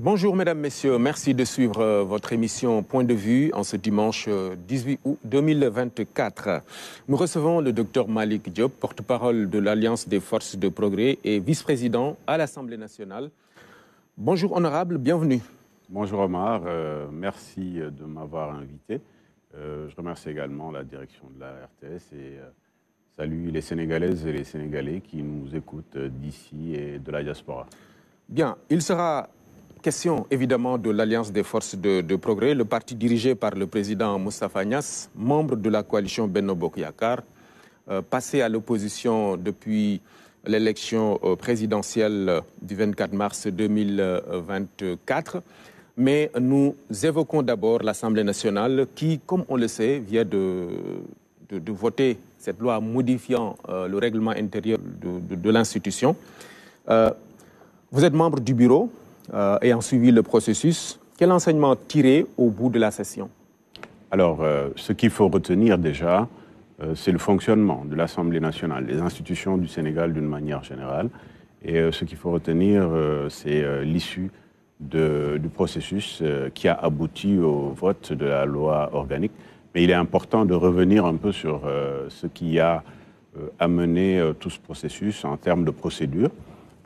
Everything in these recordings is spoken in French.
Bonjour mesdames, messieurs, merci de suivre euh, votre émission Point de vue en ce dimanche 18 euh, août 2024. Nous recevons le docteur Malik Diop, porte-parole de l'Alliance des forces de progrès et vice-président à l'Assemblée nationale. Bonjour honorable, bienvenue. Bonjour Omar, euh, merci de m'avoir invité. je remercie également la direction de la RTS et salue les Sénégalaises et les Sénégalais qui nous écoutent d'ici et de la diaspora. Bien, il sera Question évidemment de l'Alliance des forces de, progrès, le parti dirigé par le président Moustapha Nias, membre de la coalition Benno Bokyakar, euh, passé à l'opposition depuis l'élection euh, présidentielle du 24 mars 2024. Mais nous évoquons d'abord l'Assemblée nationale qui, comme on le sait, vient de, voter cette loi modifiant euh, le règlement intérieur de, l'institution. vous êtes membre du bureau, ayant euh, suivi le processus, quel enseignement tirer au bout de la session Alors, euh, ce qu'il faut retenir déjà, euh, c'est le fonctionnement de l'Assemblée nationale, des institutions du Sénégal d'une manière générale. Et ce qu'il faut retenir, c'est l'issue du processus qui a abouti au vote de la loi organique. Mais il est important de revenir un peu sur ce qui a amené tout ce processus en termes de procédure.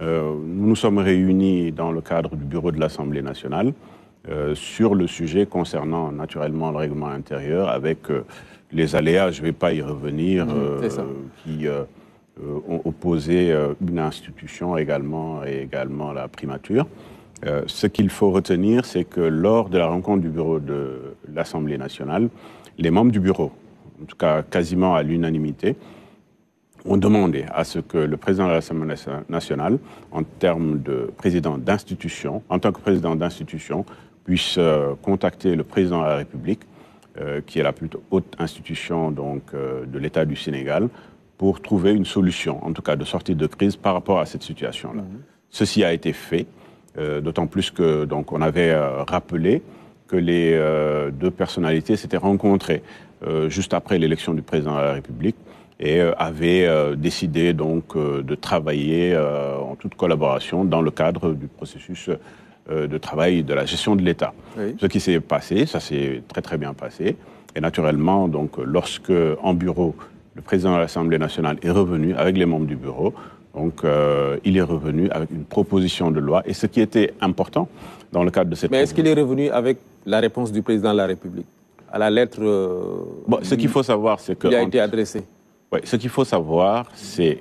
Euh, nous nous sommes réunis dans le cadre du bureau de l'Assemblée nationale euh, sur le sujet concernant naturellement le règlement intérieur avec euh, les aléas, je ne vais pas y revenir, mhm, qui ont opposé une institution également et également la primature. ce qu'il faut retenir, c'est que lors de la rencontre du bureau de l'Assemblée nationale, les membres du bureau, en tout cas quasiment à l'unanimité, on demandé à ce que le président de l'Assemblée nationale, en termes de président d'institution, en tant que président d'institution, puisse euh, contacter le président de la République, euh, qui est la plus haute institution donc, euh, de l'État du Sénégal, pour trouver une solution, en tout cas de sortie de crise par rapport à cette situation-là. Mmh. Ceci a été fait, d'autant plus que donc on avait rappelé que les deux personnalités s'étaient rencontrées juste après l'élection du président de la République et euh, avait euh, décidé donc euh, de travailler en toute collaboration dans le cadre du processus de travail de la gestion de l'État. Ce qui s'est passé, ça s'est très très bien passé. Et naturellement, donc, lorsque en bureau, le président de l'Assemblée nationale est revenu avec les membres du bureau, donc il est revenu avec une proposition de loi. Et ce qui était important dans le cadre de cette... Mais est-ce qu'il est revenu avec la réponse du président de la République à la lettre... ce qu'il faut savoir, c'est que... Qui a été adressée oui, ce qu'il faut savoir, c'est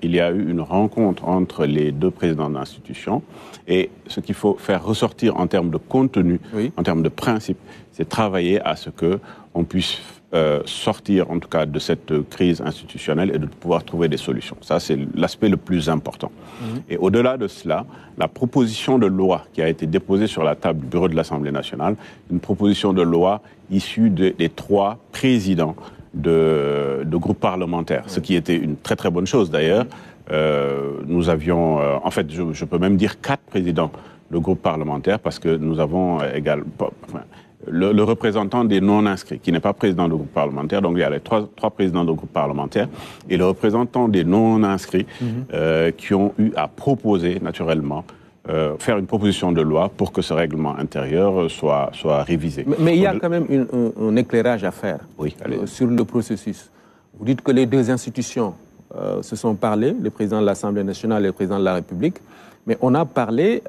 qu'il y a eu une rencontre entre les deux présidents d'institution et ce qu'il faut faire ressortir en termes de contenu, en termes de principe, c'est travailler à ce que on puisse euh, sortir en tout cas de cette crise institutionnelle et de pouvoir trouver des solutions. Ça, c'est l'aspect le plus important. Mhm. Et au-delà de cela, la proposition de loi qui a été déposée sur la table du bureau de l'Assemblée nationale, une proposition de loi issue des trois présidents de, groupes parlementaires, ce qui était une très très bonne chose d'ailleurs. Euh, nous avions, euh, en fait, je, peux même dire quatre présidents de groupes parlementaires parce que nous avons euh, également le, représentant des non-inscrits, qui n'est pas président de groupe parlementaire, donc il y a les trois, trois présidents de groupe parlementaire, et le représentant des non-inscrits mhm. qui ont eu à proposer naturellement euh, faire une proposition de loi pour que ce règlement intérieur soit, soit révisé. Mais, il y a quand même un, éclairage à faire oui, euh, sur le processus. Vous dites que les deux institutions euh, se sont parlé, le président de l'Assemblée nationale et le président de la République, mais on a parlé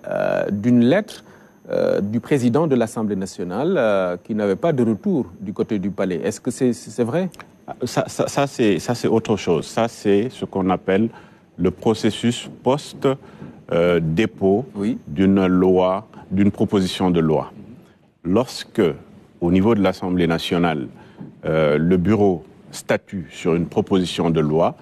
d'une lettre du président de l'Assemblée nationale qui n'avait pas de retour du côté du palais. Est-ce que c'est vrai ah, Ça, ça, ça c'est autre chose. Ça, c'est ce qu'on appelle le processus post- euh, dépôt d'une loi, d'une proposition de loi. Lorsque, au niveau de l'Assemblée nationale, euh, le bureau statue sur une proposition de loi,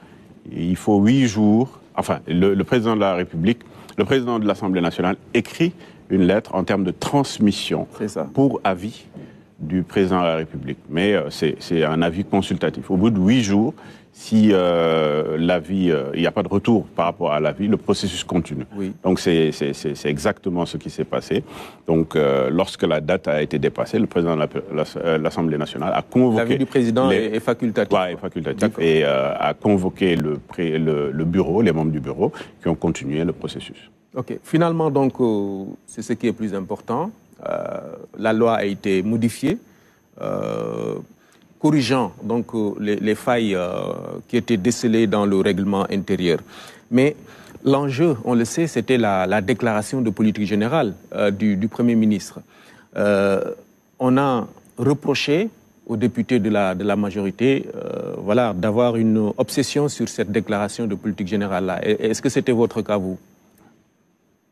il faut huit jours, enfin, le, président de la République, le président de l'Assemblée nationale écrit une lettre en termes de transmission pour avis du président de la République. Mais euh, c'est un avis consultatif. Au bout de huit jours, si euh, la vie, euh, il n'y a pas de retour par rapport à la vie, le processus continue. Donc c'est exactement ce qui s'est passé. Donc euh, lorsque la date a été dépassée, le président de l'Assemblée nationale a convoqué... L'avis du président est facultatif. Ouais, est facultatif et a convoqué le, le, le, bureau, les membres du bureau, qui ont continué le processus. OK. Finalement, donc, c'est ce qui est plus important. la loi a été modifiée corrigeant donc, euh, les, failles euh, qui étaient décelées dans le règlement intérieur. Mais l'enjeu, on le sait, c'était la, déclaration de politique générale euh, du, Premier ministre. on a reproché aux députés de la, de la majorité voilà, d'avoir une obsession sur cette déclaration de politique générale-là. Est-ce que c'était votre cas, vous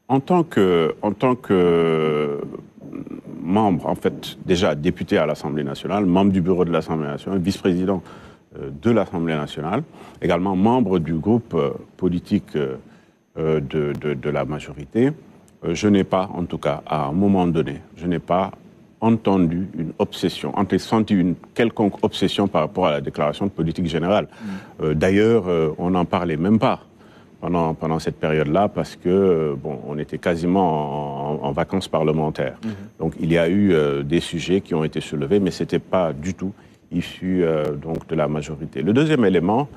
en tant, que, en tant que membre, en fait, déjà député à l'Assemblée nationale, membre du bureau de l'Assemblée nationale, vice-président euh, de l'Assemblée nationale, également membre du groupe euh, politique euh, de, la majorité. Je n'ai pas, en tout cas, à un moment donné, je n'ai pas entendu une obsession, senti une quelconque obsession par rapport à la déclaration de politique générale. Mm. D'ailleurs, on n'en parlait même pas pendant, cette période-là parce que euh, bon, on était quasiment en, vacances parlementaires. Mhm. Donc il y a eu euh, des sujets qui ont été soulevés, mais ce n'était pas du tout issu euh, donc de la majorité. Le deuxième élément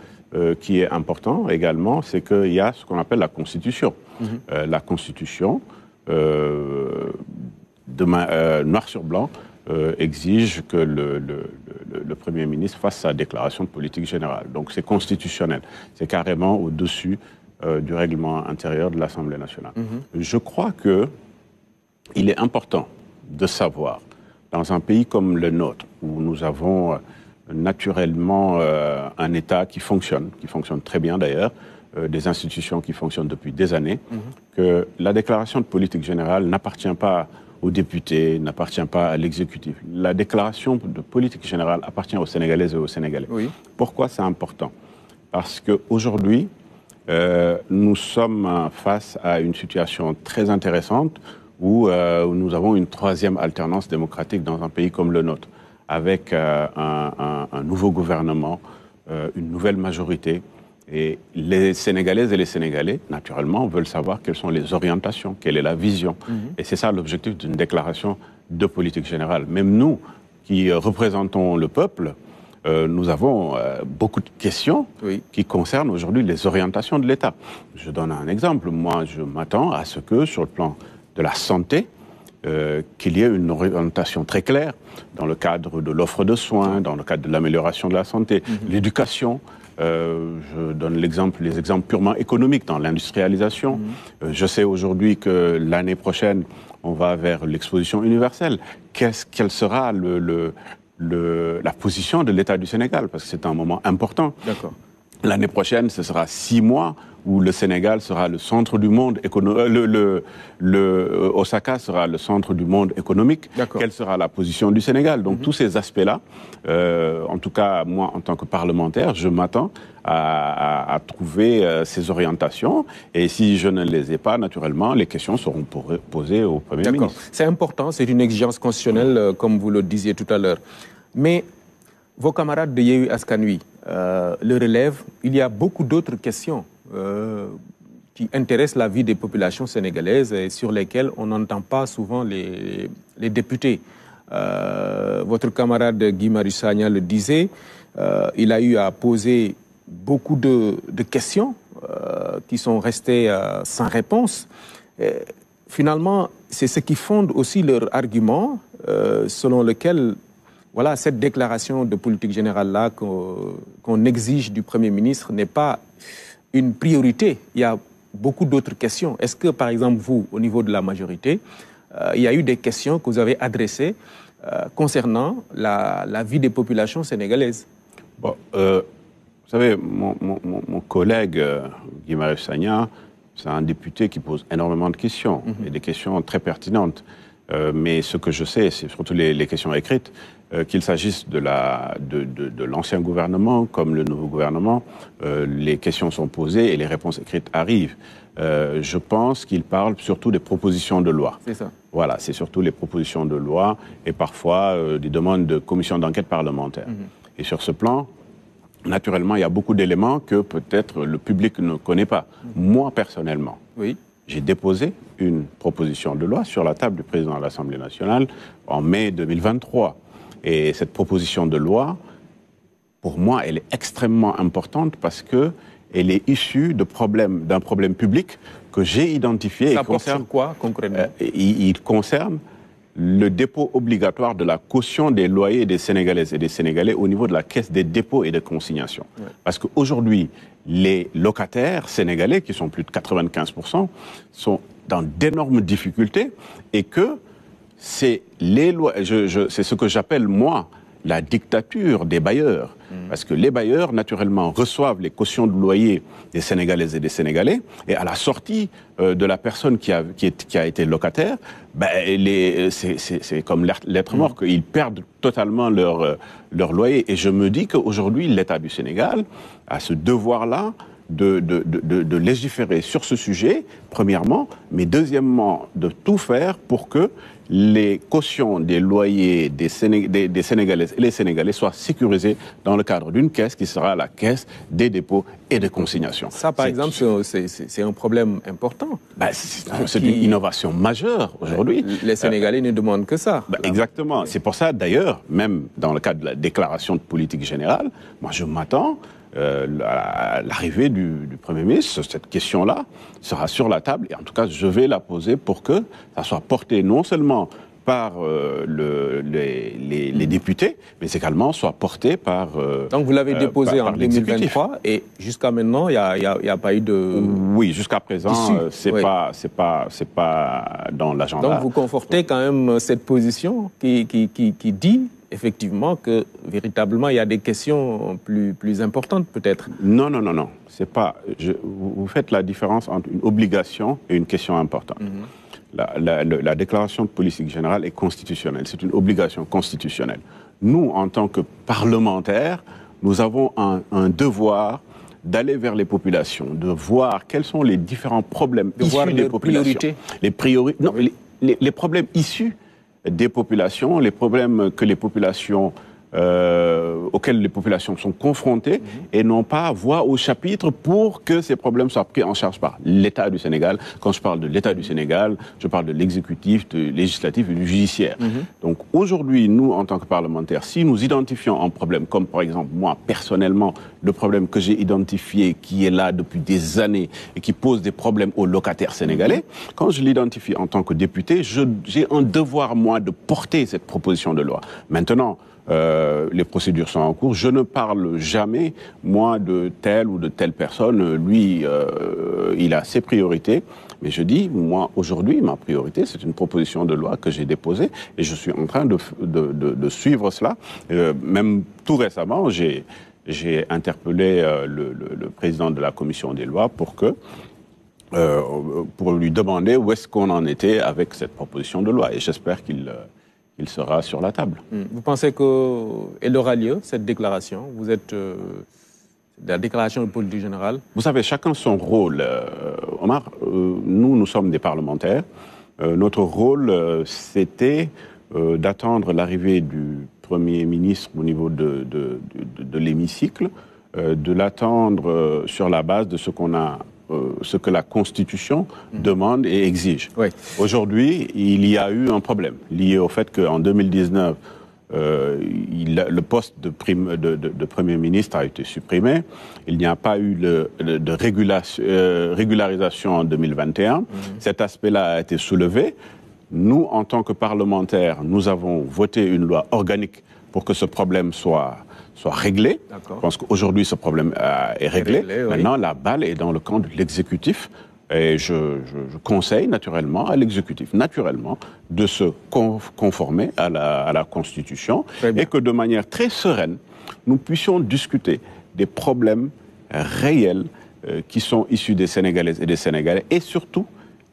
qui est important également, c'est qu'il y a ce qu'on appelle la Constitution. Mhm. la Constitution, noir sur blanc, exige que le, le, Premier ministre fasse sa déclaration de politique générale. Donc c'est constitutionnel. C'est carrément au-dessus euh, du règlement intérieur de l'Assemblée nationale. Mhm. Je crois que il est important de savoir, dans un pays comme le nôtre, où nous avons euh, naturellement euh, un État qui fonctionne, qui fonctionne très bien d'ailleurs, des institutions qui fonctionnent depuis des années, mhm. que la déclaration de politique générale n'appartient pas aux députés, n'appartient pas à l'exécutif. La déclaration de politique générale appartient aux Sénégalaises et aux Sénégalais. Pourquoi c'est important Parce qu'aujourd'hui, euh, nous sommes face à une situation très intéressante euh, où nous avons une troisième alternance démocratique dans un pays comme le nôtre, avec euh, un, nouveau gouvernement, une nouvelle majorité. Et les Sénégalaises et les Sénégalais, naturellement, veulent savoir quelles sont les orientations, quelle est la vision. Mhm. Et c'est ça l'objectif d'une déclaration de politique générale. Même nous, qui représentons le peuple, euh, nous avons euh, beaucoup de questions qui concernent aujourd'hui les orientations de l'État. Je donne un exemple. Moi, je m'attends à ce que, sur le plan de la santé, euh, qu'il y ait une orientation très claire dans le cadre de l'offre de soins, dans le cadre de l'amélioration de la santé, mhm. l'éducation. je donne l'exemple, les exemples purement économiques dans l'industrialisation. Mhm. je sais aujourd'hui que l'année prochaine, on va vers l'exposition universelle. Qu'est-ce, quel sera le, le, le, la position de l'État du Sénégal, parce que c'est un moment important. D'accord. L'année prochaine, ce sera six mois où le Sénégal sera le centre du monde économique, euh, le, le, euh, Osaka sera le centre du monde économique. Quelle sera la position du Sénégal Donc mhm. tous ces aspects-là, euh, en tout cas moi en tant que parlementaire, je m'attends à, à, trouver ces orientations. Et si je ne les ai pas, naturellement, les questions seront posées au Premier ministre. C'est important, c'est une exigence constitutionnelle, comme vous le disiez tout à l'heure. Mais vos camarades de Yehu Askanui, euh, le relève, il y a beaucoup d'autres questions euh, qui intéressent la vie des populations sénégalaises et sur lesquelles on n'entend pas souvent les, députés. Euh, votre camarade Guy Marussagna le disait, il a eu à poser beaucoup de, questions qui sont restées sans réponse. finalement, c'est ce qui fonde aussi leur argument selon lequel voilà, cette déclaration de politique générale-là qu'on exige du Premier ministre n'est pas une priorité. Il y a beaucoup d'autres questions. Est-ce que, par exemple, vous, au niveau de la majorité, euh, il y a eu des questions que vous avez adressées euh, concernant la, vie des populations sénégalaises euh, Vous savez, mon, collègue Guillaume Sagnat, c'est un député qui pose énormément de questions, mhm. et des questions très pertinentes. mais ce que je sais, c'est surtout les, questions écrites, euh, qu'il s'agisse de l'ancien gouvernement comme le nouveau gouvernement, euh, les questions sont posées et les réponses écrites arrivent. Euh, je pense qu'il parle surtout des propositions de loi. C'est ça. Voilà, c'est surtout les propositions de loi et parfois des demandes de commissions d'enquête parlementaires. Mhm. Et sur ce plan, naturellement, il y a beaucoup d'éléments que peut-être le public ne connaît pas. Mhm. Moi, personnellement, oui. j'ai déposé une proposition de loi sur la table du président de l'Assemblée nationale en mai 2023. Et cette proposition de loi, pour moi, elle est extrêmement importante parce que elle est issue d'un problème public que j'ai identifié. Ça et concerne quoi concrètement euh, il, concerne le dépôt obligatoire de la caution des loyers des Sénégalaises et des Sénégalais au niveau de la caisse des dépôts et des consignations. Parce qu'aujourd'hui, les locataires sénégalais, qui sont plus de 95%, sont dans d'énormes difficultés et que c'est les lois, je, je, c'est ce que j'appelle moi la dictature des bailleurs. Hmm. Parce que les bailleurs, naturellement, reçoivent les cautions de loyer des Sénégalaises et des Sénégalais, et à la sortie euh, de la personne qui a, qui, qui a été locataire, ben, les, c'est, c'est, c'est comme l'être mort, hmm. qu'ils perdent totalement leur, euh, leur loyer. Et je me dis qu'aujourd'hui, l'État du Sénégal a ce devoir-là de, de, de, de, légiférer sur ce sujet, premièrement, mais deuxièmement, de tout faire pour que les cautions des loyers des, et les Sénégalais soient sécurisées dans le cadre d'une caisse qui sera la caisse des dépôts et des consignations. Ça, par exemple, c'est un problème important. Ben, c'est ah, une innovation majeure aujourd'hui. Euh, les Sénégalais euh, ne demandent que ça. Ben, exactement. C'est pour ça, d'ailleurs, même dans le cadre de la déclaration de politique générale, moi, je m'attends euh, l'arrivée du, Premier ministre, cette question-là sera sur la table. Et en tout cas, je vais la poser pour que ça soit porté non seulement par euh, le, les, députés, mais également soit porté par. Euh, Donc vous l'avez déposé en 2023 et jusqu'à maintenant, il n'y a, pas eu de. Oui, jusqu'à présent, c'est n'est pas, c'est pas, c'est pas dans l'agenda. Donc vous confortez quand même cette position qui, qui, qui dit effectivement que véritablement il y a des questions plus, plus importantes peut-être. Non, non, non, non. C'est pas. vous faites la différence entre une obligation et une question importante. Mhm. la, déclaration de politique générale est constitutionnelle. C'est une obligation constitutionnelle. Nous, en tant que parlementaires, nous avons un, devoir d'aller vers les populations, de voir quels sont les différents problèmes de issus voir les des populations. Priorités. Les priorités. Non, les problèmes issus des populations, les problèmes que les populations euh, auxquelles les populations sont confrontées mhm. et n'ont pas voix au chapitre pour que ces problèmes soient pris en charge par l'État du Sénégal. Quand je parle de l'État du Sénégal, je parle de l'exécutif, du législatif et du judiciaire. Mhm. Donc aujourd'hui, nous, en tant que parlementaires, si nous identifions un problème, comme par exemple moi personnellement, le problème que j'ai identifié qui est là depuis des années et qui pose des problèmes aux locataires sénégalais, mhm. quand je l'identifie en tant que député, j'ai un devoir, moi, de porter cette proposition de loi. Maintenant, euh, les procédures sont en cours. Je ne parle jamais, moi, de telle ou de telle personne. Lui, euh, il a ses priorités. Mais je dis, moi, aujourd'hui, ma priorité, c'est une proposition de loi que j'ai déposée et je suis en train de, de, de, de suivre cela. Euh, même tout récemment, j'ai interpellé le, le, le président de la commission des lois pour que euh, pour lui demander où est-ce qu'on en était avec cette proposition de loi. Et j'espère qu'il il sera sur la table. Hmm. Vous pensez qu'elle aura lieu, cette déclaration Vous êtes. Euh, la déclaration de politique générale Vous savez, chacun son rôle. Euh, Omar, euh, nous, nous sommes des parlementaires. notre rôle, c'était d'attendre l'arrivée du Premier ministre au niveau de, de, de, de l'hémicycle, de l'attendre sur la base de ce qu'on a euh, ce que la Constitution demande et exige. Aujourd'hui, il y a eu un problème lié au fait qu'en 2019, euh, le poste de, Premier ministre a été supprimé. Il n'y a pas eu de euh, régularisation en 2021. Mhm. Cet aspect-là a été soulevé. Nous, en tant que parlementaires, nous avons voté une loi organique pour que ce problème soit soit réglé. Je pense qu'aujourd'hui, ce problème euh, est réglé. Maintenant, la balle est dans le camp de l'exécutif. Et je, conseille naturellement à l'exécutif, naturellement, de se conformer à la, Constitution et que de manière très sereine, nous puissions discuter des problèmes réels euh, qui sont issus des Sénégalaises et des Sénégalais et surtout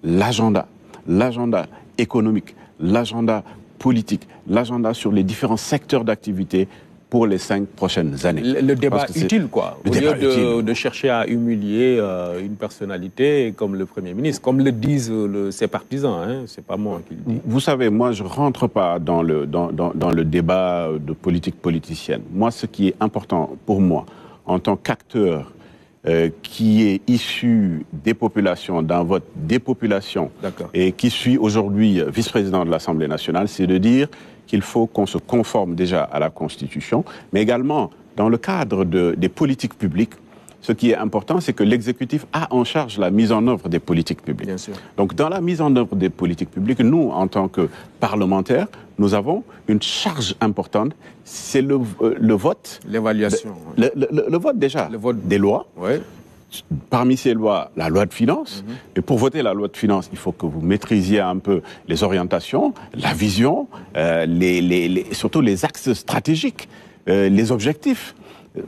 l'agenda, l'agenda économique, l'agenda politique, l'agenda sur les différents secteurs d'activité pour les cinq prochaines années. Le, le débat utile, quoi. Au lieu de, de, chercher à humilier euh, une personnalité comme le Premier ministre, comme le disent euh, ses partisans, hein, c'est pas moi qui le dis. Vous savez, moi, je rentre pas dans le, dans, dans, dans le débat de politique politicienne. Moi, ce qui est important pour moi, en tant qu'acteur euh, qui est issu des populations, d'un vote des populations, et qui suis aujourd'hui vice-président de l'Assemblée nationale, c'est de dire qu'il faut qu'on se conforme déjà à la Constitution, mais également dans le cadre des politiques publiques. Ce qui est important, c'est que l'exécutif a en charge la mise en œuvre des politiques publiques. Donc, dans la mise en œuvre des politiques publiques, nous, en tant que parlementaires, nous avons une charge importante, c'est le, euh, vote. L'évaluation. Le, vote déjà. Des lois. Parmi ces lois, la loi de finances. Mhm. Et pour voter la loi de finances, il faut que vous maîtrisiez un peu les orientations, la vision, euh, les, surtout les axes stratégiques, euh, les objectifs.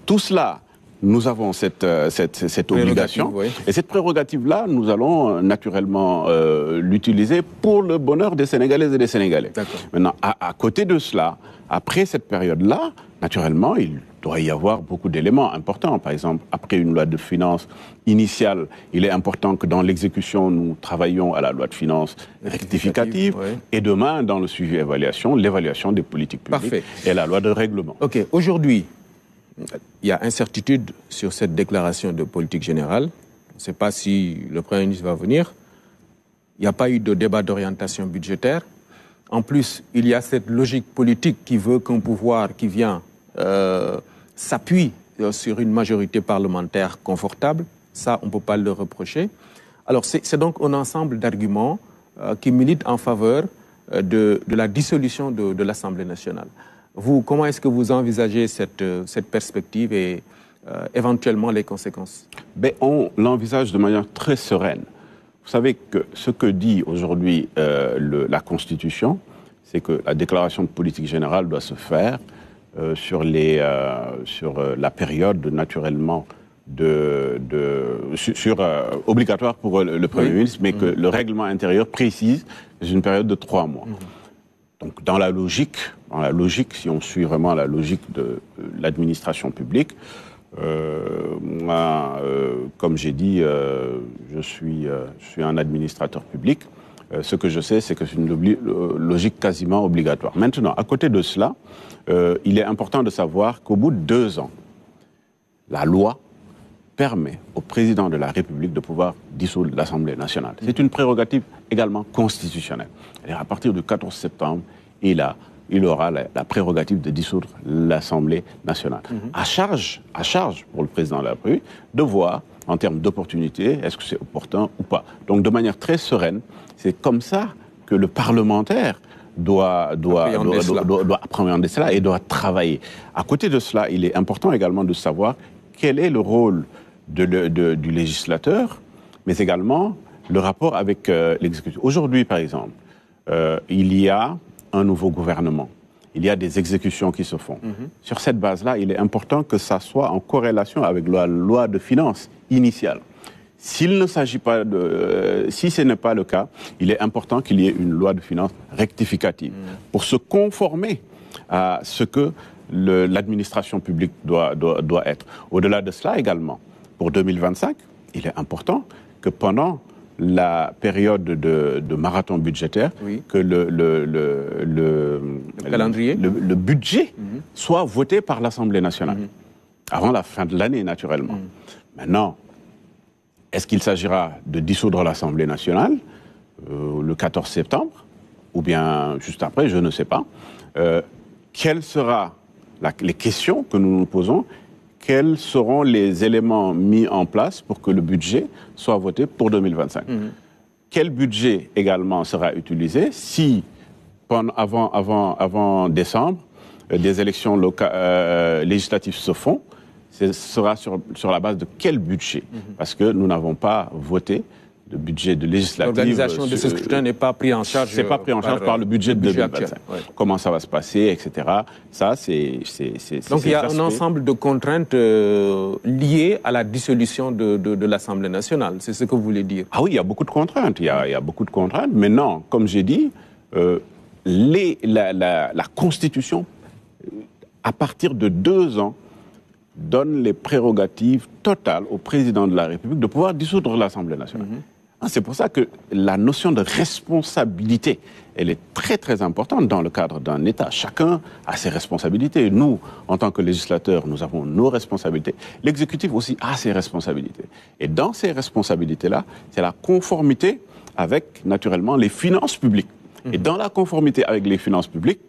Tout cela, nous avons cette, euh, obligation. Et cette prérogative-là, nous allons euh, naturellement euh, l'utiliser pour le bonheur des Sénégalaises et des Sénégalais. Maintenant, à, côté de cela, après cette période-là, naturellement, il doit y avoir beaucoup d'éléments importants. Par exemple, après une loi de finances initiale, il est important que dans l'exécution, nous travaillions à la loi de finances rectificative et demain, dans le sujet évaluation, l'évaluation des politiques publiques et la loi de règlement. OK. Aujourd'hui, il y a incertitude sur cette déclaration de politique générale. On ne sait pas si le Premier ministre va venir. Il n'y a pas eu de débat d'orientation budgétaire. En plus, il y a cette logique politique qui veut qu'un pouvoir qui vient euh, s'appuie euh, sur une majorité parlementaire confortable. Ça, on ne peut pas le reprocher. Alors, c'est donc un ensemble d'arguments euh, qui militent en faveur de, la dissolution de l'Assemblée nationale. Vous, comment est-ce que vous envisagez cette, euh, cette perspective et euh, éventuellement les conséquences ben, On l'envisage de manière très sereine. Vous savez que ce que dit aujourd'hui euh, la Constitution, c'est que la déclaration de politique générale doit se faire sur, les, sur la période naturellement de, de, sur, obligatoire pour le, Premier ministre, mais que mm-hmm. le règlement intérieur précise une période de trois mois. Mm-hmm. Donc dans la logique, dans la logique, si on suit vraiment la logique de l'administration publique, euh, moi, euh, comme j'ai dit, euh, je, suis, je suis un administrateur public. ce que je sais, c'est que c'est une logique quasiment obligatoire. Maintenant, à côté de cela, il est important de savoir qu'au bout de deux ans, la loi permet au président de la République de pouvoir dissoudre l'Assemblée nationale. C'est une prérogative également constitutionnelle. à partir du 14 septembre, il, aura la, prérogative de dissoudre l'Assemblée nationale. Mhm. À, charge, à charge pour le président de la République de voir en termes d'opportunité, est-ce que c'est opportun ou pas. Donc de manière très sereine, c'est comme ça que le parlementaire doit, doit, appréhender, doit, cela. et doit travailler. À côté de cela, il est important également de savoir quel est le rôle du législateur, mais également le rapport avec euh, l'exécutif. Aujourd'hui, par exemple, euh, il y a un nouveau gouvernement. Il y a des exécutions qui se font. Mhm. Sur cette base-là, il est important que ça soit en corrélation avec la loi de finances initiale. S'il ne s'agit pas de, euh, si ce n'est pas le cas, il est important qu'il y ait une loi de finances rectificative mhm. pour se conformer à ce que l'administration publique doit, doit, doit être. Au-delà de cela également, pour 2025, il est important que pendant la période de, marathon budgétaire, que le, calendrier, le, budget mhm. soit voté par l'Assemblée nationale, mhm. avant la fin de l'année naturellement. Mhm. Maintenant, est-ce qu'il s'agira de dissoudre l'Assemblée nationale euh, le 14 septembre, ou bien juste après, je ne sais pas. Euh, quelles seront les questions que nous nous posons quels seront les éléments mis en place pour que le budget soit voté pour 2025. Mhm. Quel budget également sera utilisé si, avant, décembre, euh, des élections euh, législatives se font Ce sera sur, la base de quel budget mhm. Parce que nous n'avons pas voté le budget de législative. L'organisation de ce scrutin n'est pas pris en charge. C'est pas pris en charge par, le budget de 2025. Comment ça va se passer, etc. Ça, c'est. Donc il y a un ensemble de contraintes euh, liées à la dissolution de, l'Assemblée nationale. C'est ce que vous voulez dire. Ah oui, il y a beaucoup de contraintes. Il y a, beaucoup de contraintes. Mais non, comme j'ai dit, euh, la, Constitution, à partir de deux ans, donne les prérogatives totales au président de la République de pouvoir dissoudre l'Assemblée nationale. Mm-hmm. Ah, c'est pour ça que la notion de responsabilité, elle est très très importante dans le cadre d'un État. Chacun a ses responsabilités. Nous, en tant que législateurs, nous avons nos responsabilités. L'exécutif aussi a ses responsabilités. Et dans ces responsabilités-là, c'est la conformité avec, naturellement, les finances publiques. Et mhm. dans la conformité avec les finances publiques,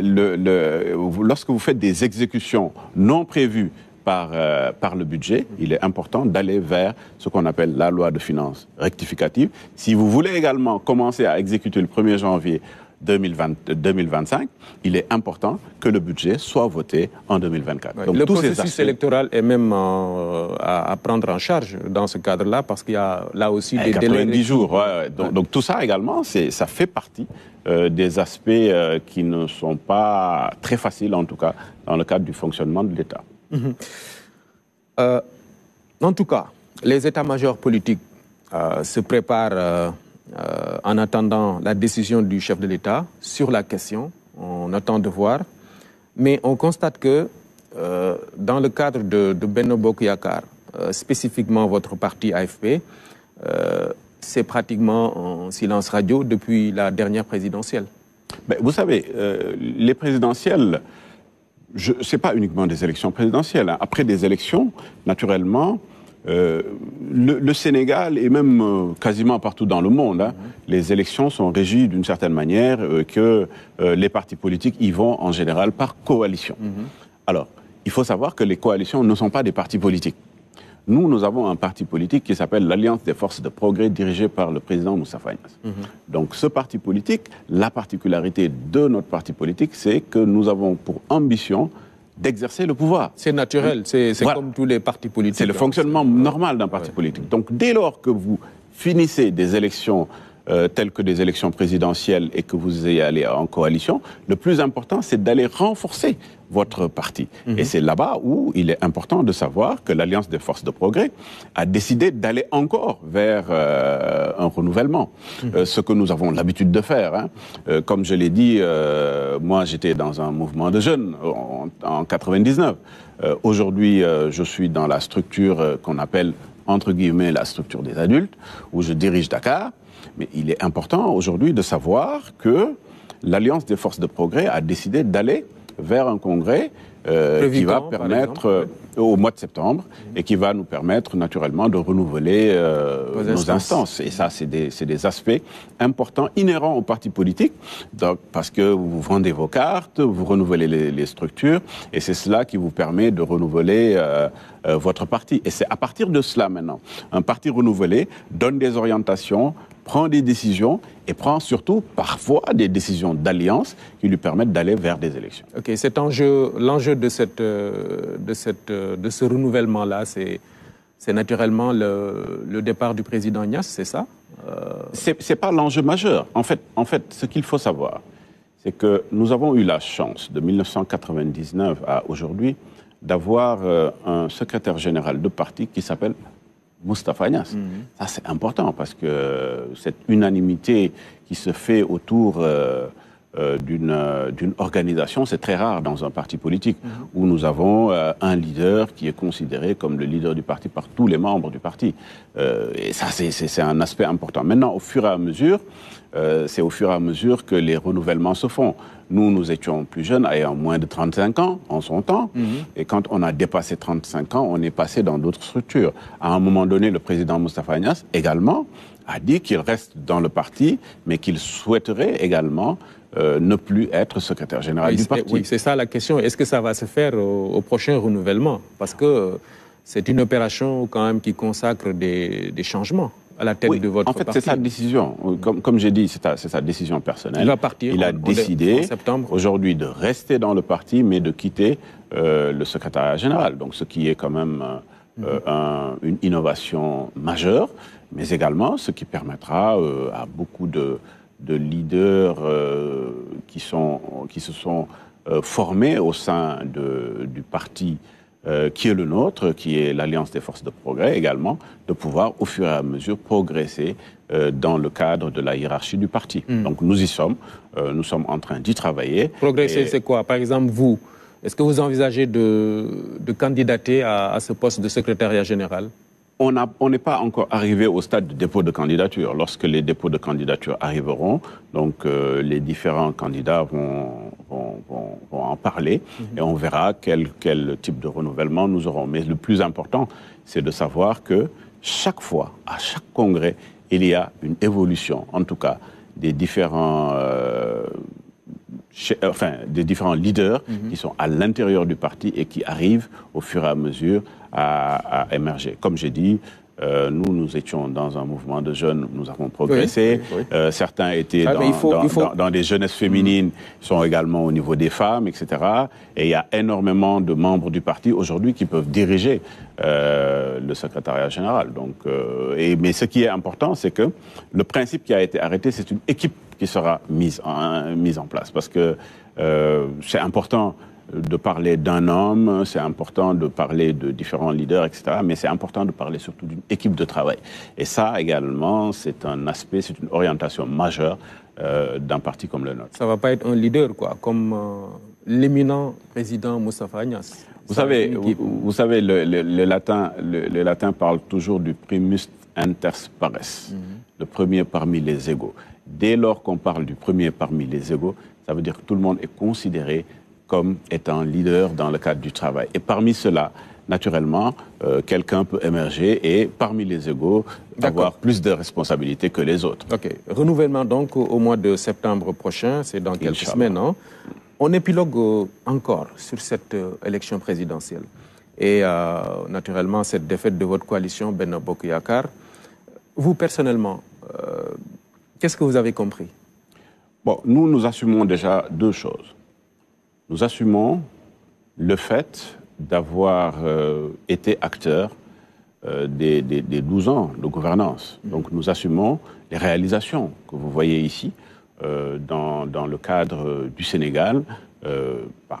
lorsque vous faites des exécutions non prévues par, euh, par le budget, il est important d'aller vers ce qu'on appelle la loi de finances rectificative. Si vous voulez également commencer à exécuter le 1er janvier 2025, il est important que le budget soit voté en 2024. le processus électoral est même euh, à, prendre en charge dans ce cadre-là, parce qu'il y a là aussi des eh, délais. 90 jours, donc, tout ça également, ça fait partie euh, des aspects qui ne sont pas très faciles, en tout cas, dans le cadre du fonctionnement de l'État. Mhm. Euh, en tout cas, les états-majors politiques euh, se préparent euh, en attendant la décision du chef de l'État sur la question. On attend de voir. Mais on constate que dans le cadre de, de Benno Bokuyakar, spécifiquement votre parti AFP, c'est pratiquement en silence radio depuis la dernière présidentielle. vous savez, les présidentielles, ce n'est pas uniquement des élections présidentielles. Hein. Après des élections, naturellement, euh, le, Sénégal et même euh, quasiment partout dans le monde, hein. les élections sont régies d'une certaine manière euh, que les partis politiques y vont en général par coalition. Mm-hmm. Alors, il faut savoir que les coalitions ne sont pas des partis politiques. Nous, nous avons un parti politique qui s'appelle l'Alliance des forces de progrès dirigée par le président Moussa Fagnas. Mhm. Donc ce parti politique, la particularité de notre parti politique, c'est que nous avons pour ambition d'exercer le pouvoir. C'est naturel, c'est comme tous les partis politiques. C'est le hein. fonctionnement normal d'un parti politique. Donc dès lors que vous finissez des élections euh, telles que des élections présidentielles et que vous ayez allé en coalition, le plus important, c'est d'aller renforcer votre parti. Mhm. Et c'est là-bas où il est important de savoir que l'Alliance des forces de progrès a décidé d'aller encore vers euh, un renouvellement, mhm. euh, ce que nous avons l'habitude de faire. Hein. Euh, comme je l'ai dit, moi j'étais dans un mouvement de jeunes en, en 99. Aujourd'hui, je suis dans la structure qu'on appelle entre guillemets la structure des adultes, où je dirige Dakar. Mais il est important aujourd'hui de savoir que l'Alliance des forces de progrès a décidé d'aller vers un congrès euh, qui va permettre euh, au mois de septembre et qui va nous permettre naturellement de renouveler euh, nos instances. Et ça, c'est des, aspects importants, inhérents au parti politiques, donc, parce que vous vendez vos cartes, vous renouvelez les, les structures, et c'est cela qui vous permet de renouveler votre parti. Et c'est à partir de cela maintenant, un parti renouvelé donne des orientations, prend des décisions et prend surtout parfois des décisions d'alliance qui lui permettent d'aller vers des élections. Ok, cet enjeu, l'enjeu de, cette, euh, de, cette, euh, de ce renouvellement-là, c'est, c'est naturellement le, départ du président Nias, c'est ça euh? C'est Ce n'est pas l'enjeu majeur. En fait, en fait ce qu'il faut savoir, c'est que nous avons eu la chance de 1999 à aujourd'hui d'avoir un secrétaire général de parti qui s'appelle Moustapha Agnès. Mhm. Ça, c'est important parce que cette unanimité qui se fait autour euh, euh, euh, d'une organisation, c'est très rare dans un parti politique mhm. où nous avons un leader qui est considéré comme le leader du parti par tous les membres du parti. et ça, c'est un aspect important. Maintenant, au fur et à mesure, c'est au fur et à mesure que les renouvellements se font. Nous, nous étions plus jeunes, ayant moins de 35 ans en son temps. Mhm. Et quand on a dépassé 35 ans, on est passé dans d'autres structures. À un moment donné, le président Moustapha Agnès également a dit qu'il reste dans le parti, mais qu'il souhaiterait également euh, ne plus être secrétaire général du parti. Oui, c'est ça la question. Est-ce que ça va se faire au, prochain renouvellement Parce que euh, c'est une opération quand même qui consacre des changements tête de votre En fait, c'est sa décision. Hmm. Comme, j'ai dit, c'est sa décision personnelle. Il va partir. Il a en, décidé aujourd'hui de rester dans le parti, mais de quitter euh, le secrétariat général. Donc, ce qui est quand même euh, hmm. euh, une innovation majeure, mais également ce qui permettra à beaucoup de, leaders qui, sont, qui se sont formés au sein du parti euh, qui est le nôtre, qui est l'Alliance des forces de progrès également, de pouvoir au fur et à mesure progresser euh, dans le cadre de la hiérarchie du parti. Hmm. Donc nous y sommes, euh, nous sommes en train d'y travailler. Progresser, c'est quoi Par exemple, vous, est-ce que vous envisagez de, de candidater à, à ce poste de secrétariat général on n'est pas encore arrivé au stade de dépôt de candidature. Lorsque les dépôts de candidature arriveront, donc euh, les différents candidats vont, en parler mhm. et on verra quel, type de renouvellement nous aurons. Mais le plus important, c'est de savoir que chaque fois, à chaque congrès, il y a une évolution, en tout cas, des différents... Euh, enfin, des différents leaders mhm. qui sont à l'intérieur du parti et qui arrivent au fur et à mesure à, émerger. Comme j'ai dit, euh, nous, nous étions dans un mouvement de jeunes, nous avons progressé. Euh, certains étaient dans, des jeunesses féminines, Ils mm. sont également au niveau des femmes, etc. Et il y a énormément de membres du parti aujourd'hui qui peuvent diriger euh, le secrétariat général. Donc, et, mais ce qui est important, c'est que le principe qui a été arrêté, c'est une équipe qui sera mise en, mise en place. Parce que c'est important de parler d'un homme, c'est important de parler de différents leaders, etc. Mais c'est important de parler surtout d'une équipe de travail. Et ça également, c'est un aspect, c'est une orientation majeure euh, d'un parti comme le nôtre. Ça ne va pas être un leader, quoi, comme euh, l'éminent président Moustapha Agnès. Vous savez, vous, savez le, latin, le, latin parle toujours du primus inter pares, mhm. le premier parmi les égaux. Dès lors qu'on parle du premier parmi les égaux, ça veut dire que tout le monde est considéré comme étant leader dans le cadre du travail. Et parmi cela, naturellement, euh, quelqu'un peut émerger et parmi les égaux, avoir plus de responsabilités que les autres. OK. Renouvellement donc au, mois de septembre prochain, c'est dans quelques semaines. Hein. On épilogue euh, encore sur cette euh, élection présidentielle. Et naturellement, cette défaite de votre coalition, Ben Bokuyakar. Vous, personnellement, qu'est-ce que vous avez compris Bon, nous, nous assumons déjà deux choses. Nous assumons le fait d'avoir euh, été acteur euh, des, 12 ans de gouvernance. Donc nous assumons les réalisations que vous voyez ici euh, dans, le cadre du Sénégal. Bah,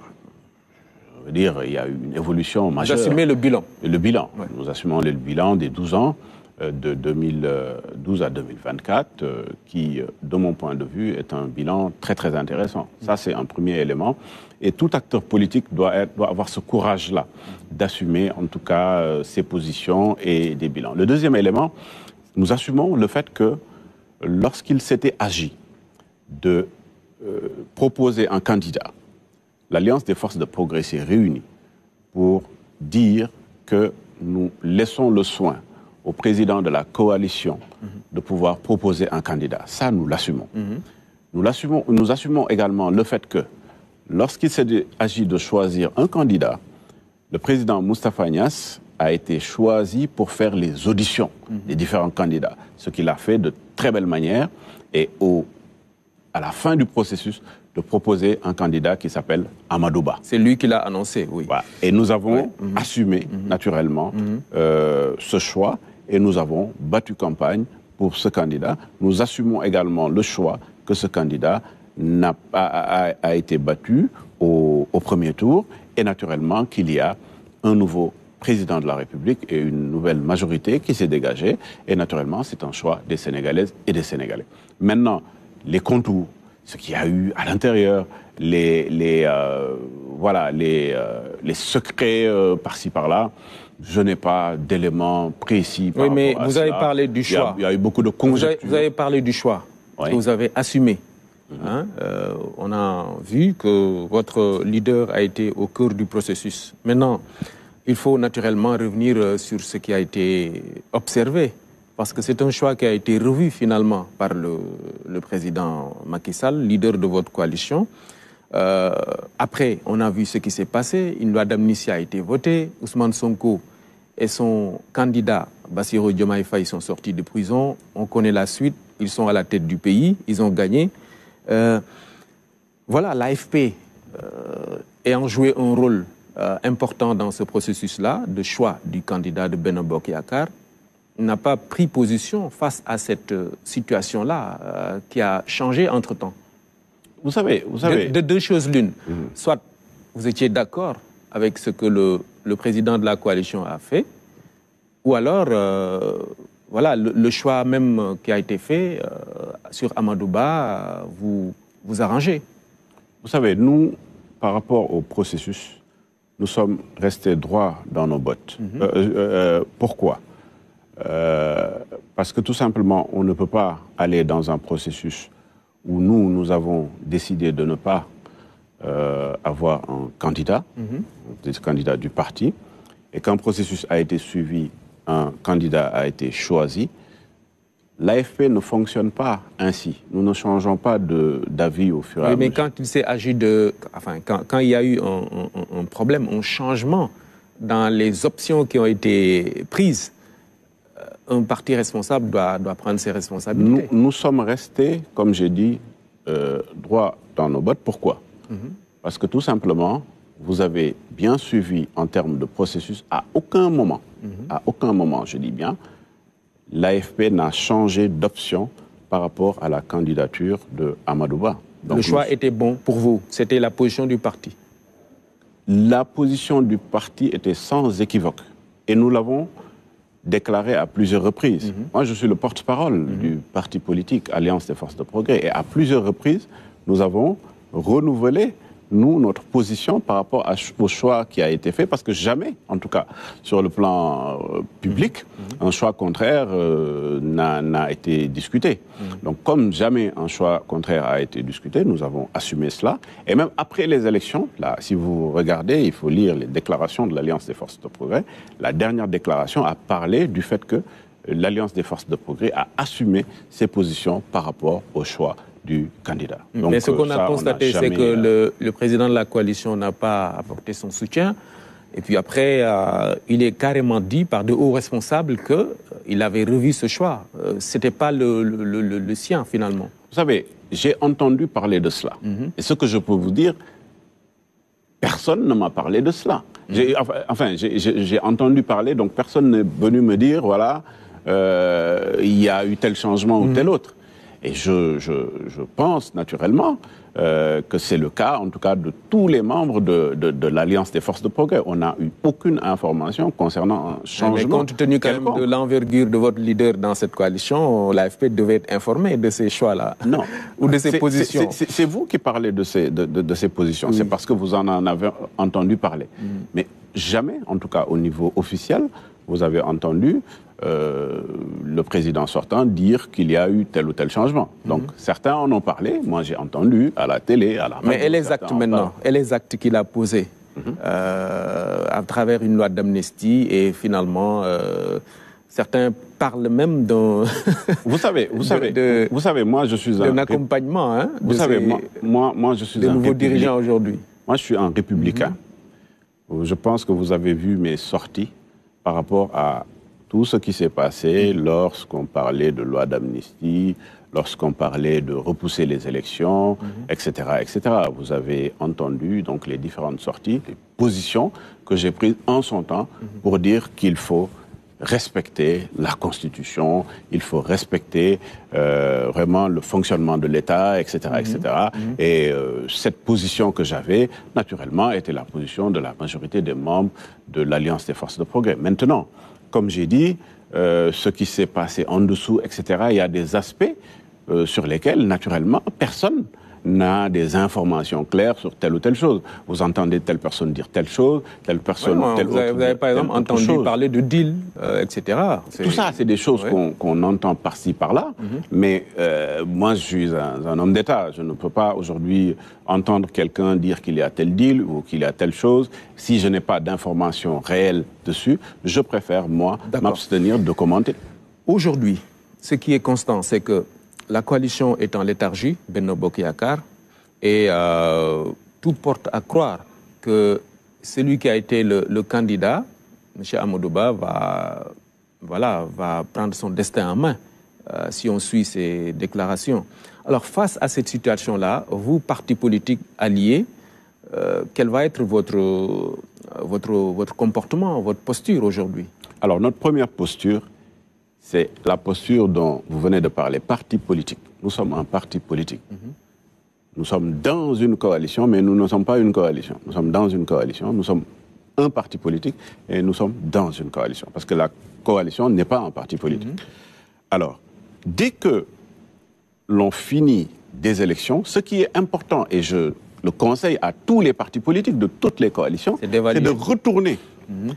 je veux dire, il y a eu une évolution majeure. Vous assumez le bilan. Le bilan. Nous assumons le bilan des 12 ans. Euh, de 2012 à 2024, euh, qui, euh, de mon point de vue, est un bilan très très intéressant. Ça, c'est un premier élément. Et tout acteur politique doit, doit avoir ce courage-là d'assumer, en tout cas, ses positions et des bilans. Le deuxième élément, nous assumons le fait que lorsqu'il s'était agi de proposer un candidat, l'Alliance des forces de progrès s'est réunie pour dire que nous laissons le soin au président de la coalition de pouvoir proposer un candidat. Ça, nous l'assumons. Nous, l'assumons, nous assumons également le fait que lorsqu'il s'agit de choisir un candidat, le président Moustapha Agnès a été choisi pour faire les auditions des différents candidats, ce qu'il a fait de très belle manière et au, à la fin du processus de proposer un candidat qui s'appelle Amadouba. C'est lui qui l'a annoncé, oui. Et nous avons assumé mhm. naturellement mhm. Euh, ce choix et nous avons battu campagne pour ce candidat. Nous assumons également le choix que ce candidat n'a pas, a, été battu au, premier tour et naturellement qu'il y a un nouveau président de la République et une nouvelle majorité qui s'est dégagée. Et naturellement, c'est un choix des Sénégalaises et des Sénégalais. Maintenant, les contours, ce qu'il y a eu à l'intérieur, les, les euh, voilà, les, euh, secrets euh, par-ci par-là. Je n'ai pas d'éléments précis. Par oui, mais vous avez parlé du choix. Il y a, eu beaucoup de conjectures. Vous, avez, parlé du choix que vous avez assumé. Mhm. Hein. Euh, on a vu que votre leader a été au cœur du processus. Maintenant, il faut naturellement revenir sur ce qui a été observé, parce que c'est un choix qui a été revu finalement par le, le président Macky Sall, leader de votre coalition. Euh, après, on a vu ce qui s'est passé. Une loi d'amnistie a été votée. Ousmane Sonko et son candidat Bassiro Diomaïfa Faye sont sortis de prison. On connaît la suite. Ils sont à la tête du pays. Ils ont gagné. Euh, voilà, l'AFP euh, ayant joué un rôle important dans ce processus-là de choix du candidat de Benobok Yakar n'a pas pris position face à cette situation-là qui a changé entre-temps. Vous savez, vous savez. De, deux choses l'une. Mhm. Soit vous étiez d'accord avec ce que le, président de la coalition a fait, ou alors, euh, voilà, le, choix même qui a été fait euh, sur Amadouba euh, vous, vous arrangez. Vous savez, nous, par rapport au processus, nous sommes restés droits dans nos bottes. Mhm. pourquoi Parce que tout simplement, on ne peut pas aller dans un processus où nous, nous avons décidé de ne pas euh, avoir un candidat, mhm. des du parti, et qu'un processus a été suivi, un candidat a été choisi, l'AFP ne fonctionne pas ainsi. Nous ne changeons pas d'avis au fur et à mesure. Mais quand il s'est agi de. Enfin, quand, il y a eu un, problème, un changement dans les options qui ont été prises, euh, un parti responsable doit, prendre ses responsabilités. Nous, nous sommes restés, comme j'ai dit, euh, droit dans nos bottes. Pourquoi mhm. Parce que tout simplement, vous avez bien suivi en termes de processus à aucun moment, mhm. à aucun moment, je dis bien, l'AFP n'a changé d'option par rapport à la candidature de Amadouba. le choix était bon pour vous, c'était la position du parti. La position du parti était sans équivoque. Et nous l'avons déclaré à plusieurs reprises. Mhm. Moi, je suis le porte-parole mhm. du parti politique Alliance des forces de progrès. Et à plusieurs reprises, nous avons renouvelé nous, notre position par rapport au choix qui a été fait, parce que jamais, en tout cas sur le plan euh, public, mhm. un choix contraire euh, n'a été discuté. Mhm. Donc comme jamais un choix contraire a été discuté, nous avons assumé cela. Et même après les élections, là, si vous regardez, il faut lire les déclarations de l'Alliance des forces de progrès. La dernière déclaration a parlé du fait que l'Alliance des forces de progrès a assumé ses positions par rapport au choix du candidat. Mais ce qu'on a constaté, c'est que euh, le, président de la coalition n'a pas apporté son soutien. Et puis après, euh, il est carrément dit par de hauts responsables qu'il euh, avait revu ce choix. C'était ce n'était pas le, sien, finalement. Vous savez, j'ai entendu parler de cela. Mhm. Et ce que je peux vous dire, personne ne m'a parlé de cela. Mhm. Enfin, j'ai entendu parler, donc personne n'est venu me dire, voilà, il y a eu tel changement ou mhm. tel autre. Et je, pense naturellement euh, que c'est le cas, en tout cas, de tous les membres de, l'Alliance des forces de progrès. On n'a eu aucune information concernant un changement. Mais compte tenu quand même de l'envergure de votre leader dans cette coalition, l'AFP devait être informé de ces choix-là. Non. Ou de ces positions. C'est vous qui parlez de ces, positions. C'est parce que vous en, avez entendu parler. Mm. Mais jamais, en tout cas au niveau officiel, vous avez entendu euh, le président sortant dire qu'il y a eu tel ou tel changement. Mhm. Donc certains en ont parlé, moi j'ai entendu à la télé, à la radio. Mais et les actes maintenant, et les actes qu'il a posés mhm. euh, à travers une loi d'amnistie et finalement euh, certains parlent même de vous savez, vous savez, de, vous savez, moi je suis un. accompagnement, hein, Vous savez, moi, moi, je suis un. nouveau dirigeant aujourd'hui. Moi je suis un républicain. Mhm. Je pense que vous avez vu mes sorties par rapport à tout ce qui s'est passé lorsqu'on parlait de loi d'amnistie, lorsqu'on parlait de repousser les élections, etc., mhm. etc. Vous avez entendu donc les différentes sorties, les positions que j'ai prises en son temps mhm. pour dire qu'il faut respecter la Constitution, il faut respecter euh, vraiment le fonctionnement de l'État, etc., etc. Et mhm. Euh, cette position que j'avais, naturellement, était la position de la majorité des membres de l'Alliance des forces de progrès. Maintenant, comme j'ai dit, euh, ce qui s'est passé en dessous, etc., il y a des aspects euh, sur lesquels, naturellement, personne n'a des informations claires sur telle ou telle chose. Vous entendez telle personne dire telle chose, telle personne telle vous autre. Avez, vous avez par exemple entendu parler de deal, euh, etc. Tout ça, c'est des choses qu'on entend par-ci par-là. Mhm. Mais euh, moi, je suis un, homme d'État. Je ne peux pas aujourd'hui entendre quelqu'un dire qu'il y a tel deal ou qu'il y a telle chose si je n'ai pas d'informations réelles dessus. Je préfère moi m'abstenir de commenter. Aujourd'hui, ce qui est constant, c'est que la coalition est en léthargie, Benno akar et euh, tout porte à croire que celui qui a été le, candidat, M. Amodouba, va, voilà, va prendre son destin en main euh, si on suit ses déclarations. Alors face à cette situation-là, vous, parti politique allié, euh, quel va être votre, votre, votre comportement, votre posture aujourd'hui Alors notre première posture, c'est la posture dont vous venez de parler, parti politique. Nous sommes un parti politique. Mhm. Nous sommes dans une coalition, mais nous ne sommes pas une coalition. Nous sommes dans une coalition, nous sommes un parti politique et nous sommes dans une coalition, parce que la coalition n'est pas un parti politique. Mhm. Alors, dès que l'on finit des élections, ce qui est important, et je le conseille à tous les partis politiques de toutes les coalitions, c'est de retourner mhm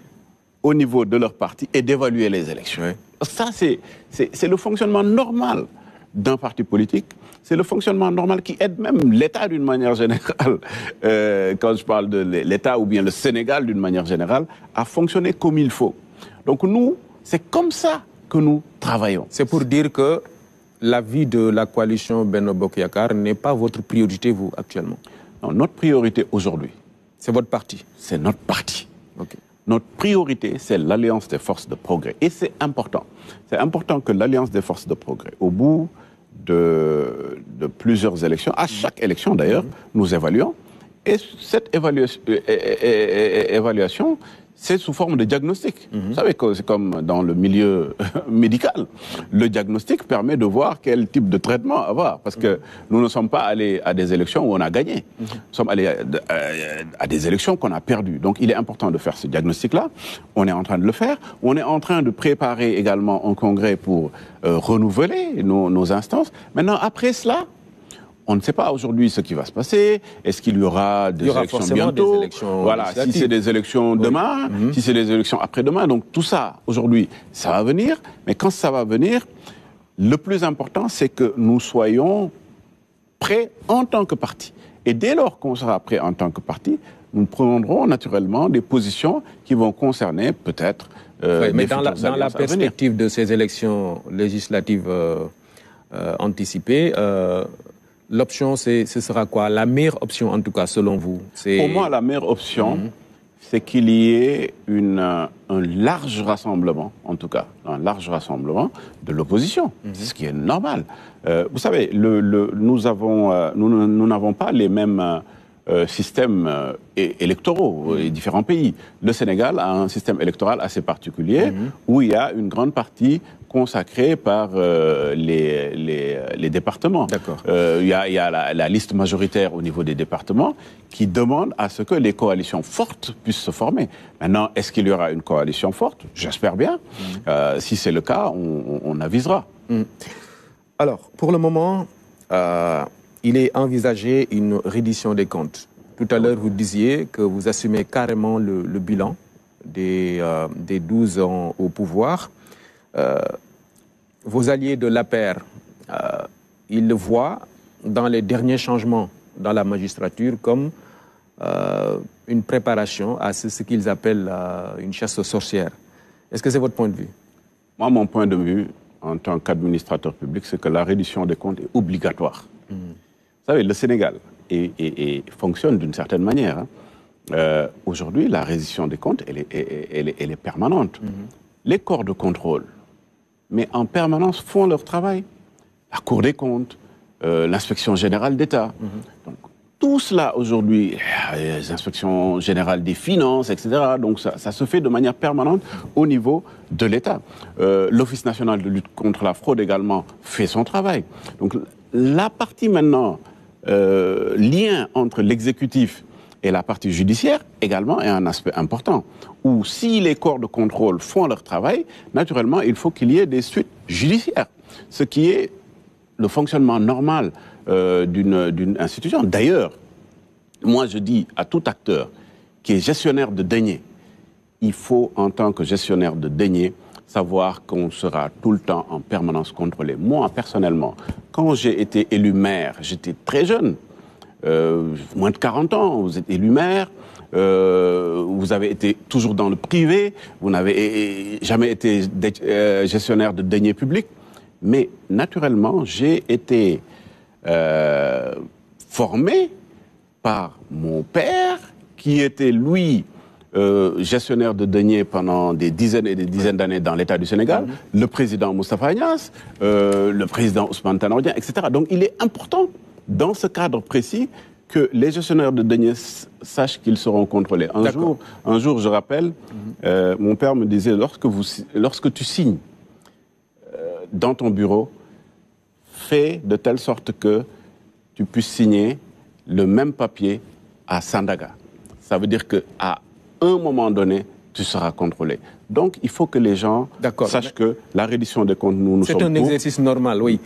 au niveau de leur parti et d'évaluer les élections. Ça, c'est le fonctionnement normal d'un parti politique. C'est le fonctionnement normal qui aide même l'État d'une manière générale, euh, quand je parle de l'État ou bien le Sénégal d'une manière générale, à fonctionner comme il faut. Donc nous, c'est comme ça que nous travaillons. C'est pour dire que la vie de la coalition Benobok Yakar n'est pas votre priorité, vous, actuellement Non, notre priorité aujourd'hui. C'est votre parti C'est notre parti. ok notre priorité, c'est l'alliance des forces de progrès. Et c'est important. C'est important que l'alliance des forces de progrès, au bout de, plusieurs élections, à chaque élection d'ailleurs, mhm. nous évaluons. Et cette évaluation euh, c'est sous forme de diagnostic. Mhm. Vous savez que c'est comme dans le milieu euh, médical. Le diagnostic permet de voir quel type de traitement avoir. Parce que mhm. nous ne sommes pas allés à des élections où on a gagné. Mhm. Nous sommes allés à, des élections qu'on a perdues. Donc il est important de faire ce diagnostic-là. On est en train de le faire. On est en train de préparer également un congrès pour euh, renouveler nos instances. Maintenant, après cela, on ne sait pas aujourd'hui ce qui va se passer. Est-ce qu'il y aura des élections bientôt Voilà, si c'est des élections demain, mhm. si c'est des élections après-demain. Donc tout ça, aujourd'hui, ça va venir. Mais quand ça va venir, le plus important, c'est que nous soyons prêts en tant que parti. Et dès lors qu'on sera prêt en tant que parti, nous prendrons naturellement des positions qui vont concerner peut-être. Euh, mais dans la, perspective de ces élections législatives euh, euh, anticipées, l'option, ce sera quoi La meilleure option, en tout cas, selon vous Pour moi, la meilleure option, mhm. c'est qu'il y ait une, euh, un large rassemblement, en tout cas, un large rassemblement de l'opposition, mhm. C'est ce qui est normal. Euh, vous savez, le, euh, nous n'avons nous, pas les mêmes euh, systèmes euh, électoraux des euh, mm-hmm. différents pays. Le Sénégal a un système électoral assez particulier mm-hmm. où il y a une grande partie consacrée par les, les, départements. il y a, il y a la, liste majoritaire au niveau des départements qui demande à ce que les coalitions fortes puissent se former. Maintenant, est-ce qu'il y aura une coalition forte J'espère bien. Mm-hmm. si c'est le cas, on, on avisera. Mm. Alors, pour le moment, il est envisagé une reddition des comptes. Tout à l'heure, vous disiez que vous assumez carrément le, bilan des, 12 euh, ans au pouvoir. Euh, vos alliés de l'APER, euh, ils le voient dans les derniers changements dans la magistrature comme une préparation à ce, qu'ils appellent une chasse aux sorcières. Est-ce que c'est votre point de vue Moi, mon point de vue en tant qu'administrateur public, c'est que la reddition des comptes est obligatoire. Hmm. Vous savez, le Sénégal et fonctionne d'une certaine manière. Hein. Euh, aujourd'hui, la résistance des comptes, elle est, permanente. Mhm. Les corps de contrôle, mais en permanence, font leur travail. La Cour des comptes, euh, l'inspection générale d'État. Mhm. Donc, tout cela aujourd'hui, euh, les inspections générales des finances, etc. Donc ça, se fait de manière permanente au niveau de l'État. L'Office national de lutte contre la fraude également fait son travail. Donc la partie maintenant euh, lien entre l'exécutif et la partie judiciaire également est un aspect important. Où si les corps de contrôle font leur travail, naturellement, il faut qu'il y ait des suites judiciaires, ce qui est le fonctionnement normal euh, d'une institution. D'ailleurs, moi je dis à tout acteur qui est gestionnaire de deniers, il faut en tant que gestionnaire de deniers savoir qu'on sera tout le temps en permanence contrôlé. Moi, personnellement, quand j'ai été élu maire, j'étais très jeune, euh, moins de 40 ans, vous êtes élu maire, euh, vous avez été toujours dans le privé, vous n'avez jamais été euh, gestionnaire de deniers publics, mais naturellement, j'ai été formé par mon père, qui était, lui, euh, gestionnaire de deniers pendant des dizaines et des dizaines d'années dans l'État du Sénégal, mmh. le président Moustapha Agnès, euh, le président Ousmane Tanordien, etc. Donc il est important, dans ce cadre précis, que les gestionnaires de deniers sachent qu'ils seront contrôlés. Un jour, un jour, je rappelle, mmh. euh, mon père me disait, lorsque, vous, lorsque tu signes dans ton bureau, fais de telle sorte que tu puisses signer le même papier à Sandaga. Ça veut dire que à un moment donné, tu seras contrôlé. Donc, il faut que les gens sachent que la reddition des comptes, nous, nous sommes C'est un exercice normal, oui.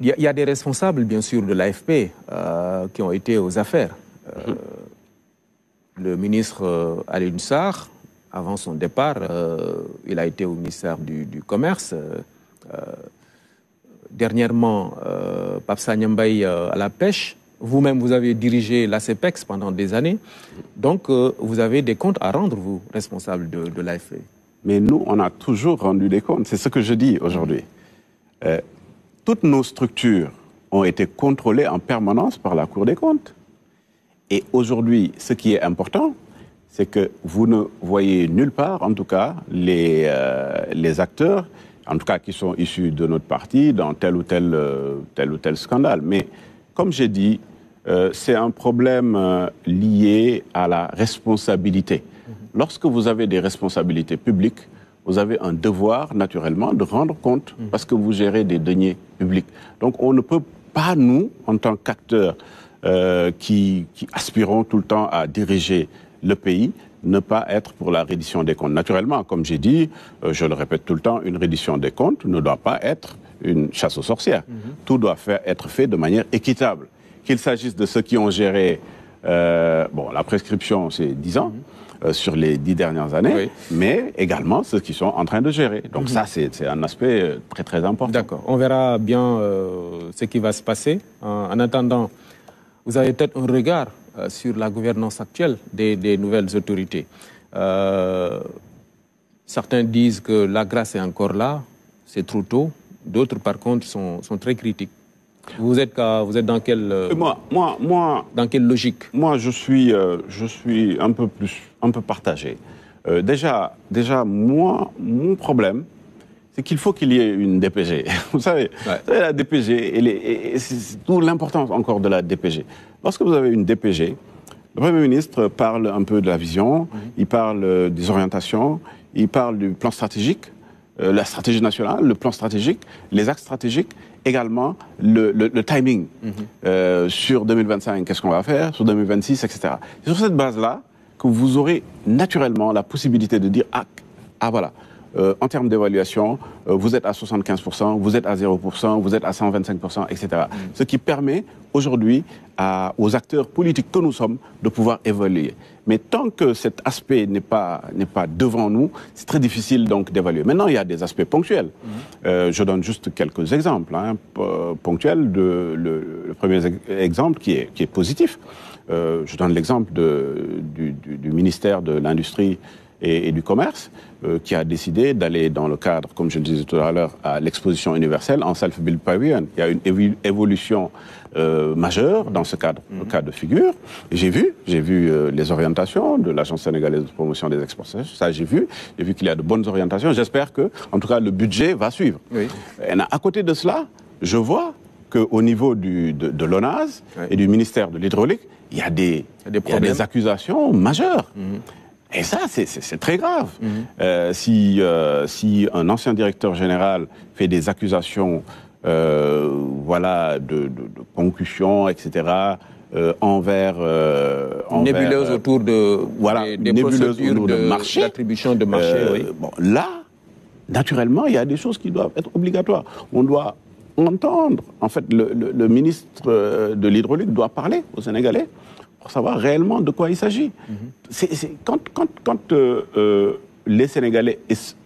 Il y, a, des responsables, bien sûr, de l'AFP euh, qui ont été aux affaires. Mhm. Euh, le ministre al euh, Alain avant son départ, il a été au ministère du, Commerce. dernièrement, Papsa Nyambaye à la pêche. Vous-même, vous avez dirigé CEPEX pendant des années. Donc, euh, vous avez des comptes à rendre, vous, responsable de, l'AFE. Mais nous, on a toujours rendu des comptes. C'est ce que je dis aujourd'hui. Euh, toutes nos structures ont été contrôlées en permanence par la Cour des comptes. Et aujourd'hui, ce qui est important, c'est que vous ne voyez nulle part, en tout cas, les, euh, les acteurs, en tout cas qui sont issus de notre parti, dans tel ou tel, tel, ou tel scandale. Mais comme j'ai dit, euh, c'est un problème euh, lié à la responsabilité. Mhm. Lorsque vous avez des responsabilités publiques, vous avez un devoir naturellement de rendre compte mhm. parce que vous gérez des deniers publics. Donc on ne peut pas, nous, en tant qu'acteurs euh, qui, aspirons tout le temps à diriger le pays, ne pas être pour la reddition des comptes. Naturellement, comme j'ai dit, je le répète tout le temps, une reddition des comptes ne doit pas être une chasse aux sorcières. Mhm. Tout doit faire, être fait de manière équitable qu'il s'agisse de ceux qui ont géré euh, bon, la prescription, c'est 10 ans. Mhm. Euh, sur les dix dernières années, mais également ceux qui sont en train de gérer. Donc mhm. ça, c'est un aspect euh, très très important. D'accord. On verra bien ce qui va se passer. En, attendant, vous avez peut-être un regard sur la gouvernance actuelle des, nouvelles autorités. certains disent que la grâce est encore là, c'est trop tôt. D'autres, par contre, sont, sont très critiques. Vous êtes, vous êtes dans quelle, euh, euh, moi, moi, moi, dans quelle logique Moi, je suis, euh, je suis un peu plus, un peu partagé. déjà, déjà, moi, mon problème, c'est qu'il faut qu'il y ait une DPG. Vous savez, la DPG, et, c'est tout l'importance encore de la DPG. Lorsque vous avez une DPG, le Premier ministre parle un peu de la vision, mhm. il parle des orientations, il parle du plan stratégique. Euh, la stratégie nationale, le plan stratégique, les axes stratégiques, également le, timing mhm. euh, sur 2025, qu'est-ce qu'on va faire, sur 2026, etc. C'est sur cette base-là que vous aurez naturellement la possibilité de dire, ah, ah voilà, euh, en termes d'évaluation, euh, vous êtes à 75%, vous êtes à 0%, vous êtes à 125%, etc. Mm. Ce qui permet aujourd'hui aux acteurs politiques que nous sommes de pouvoir évaluer. Mais tant que cet aspect n'est pas, n'est pas devant nous, c'est très difficile donc d'évaluer. Maintenant, il y a des aspects ponctuels. Mm. Euh, je donne juste quelques exemples hein, ponctuels. De, le, premier exemple qui est, qui est positif, je donne l'exemple du, du, ministère de l'Industrie et, du commerce, euh, qui a décidé d'aller dans le cadre, comme je le disais tout à l'heure, à l'exposition universelle en self-build pavilion. Il y a une évolution euh, majeure dans ce cadre, mhm. Le cas de figure. J'ai vu, j'ai vu euh, les orientations de l'Agence sénégalaise de promotion des exportations. Ça, j'ai vu. J'ai vu qu'il y a de bonnes orientations. J'espère que, en tout cas, le budget va suivre. à côté de cela, je vois qu'au niveau de, l'ONAS et du ministère de l'hydraulique, il y a des, accusations majeures. Mhm. Et ça, c'est très grave. Mhm. Euh, si, euh, si un ancien directeur général fait des accusations euh, voilà, de, de, concussion, etc., envers, Nébuleuse autour de. Voilà, des, de, marché. de marché, Bon, là, naturellement, il y a des choses qui doivent être obligatoires. On doit entendre. En fait, le, le ministre de l'hydraulique doit parler aux Sénégalais savoir réellement de quoi il s'agit. Mhm. quand, euh, euh, les Sénégalais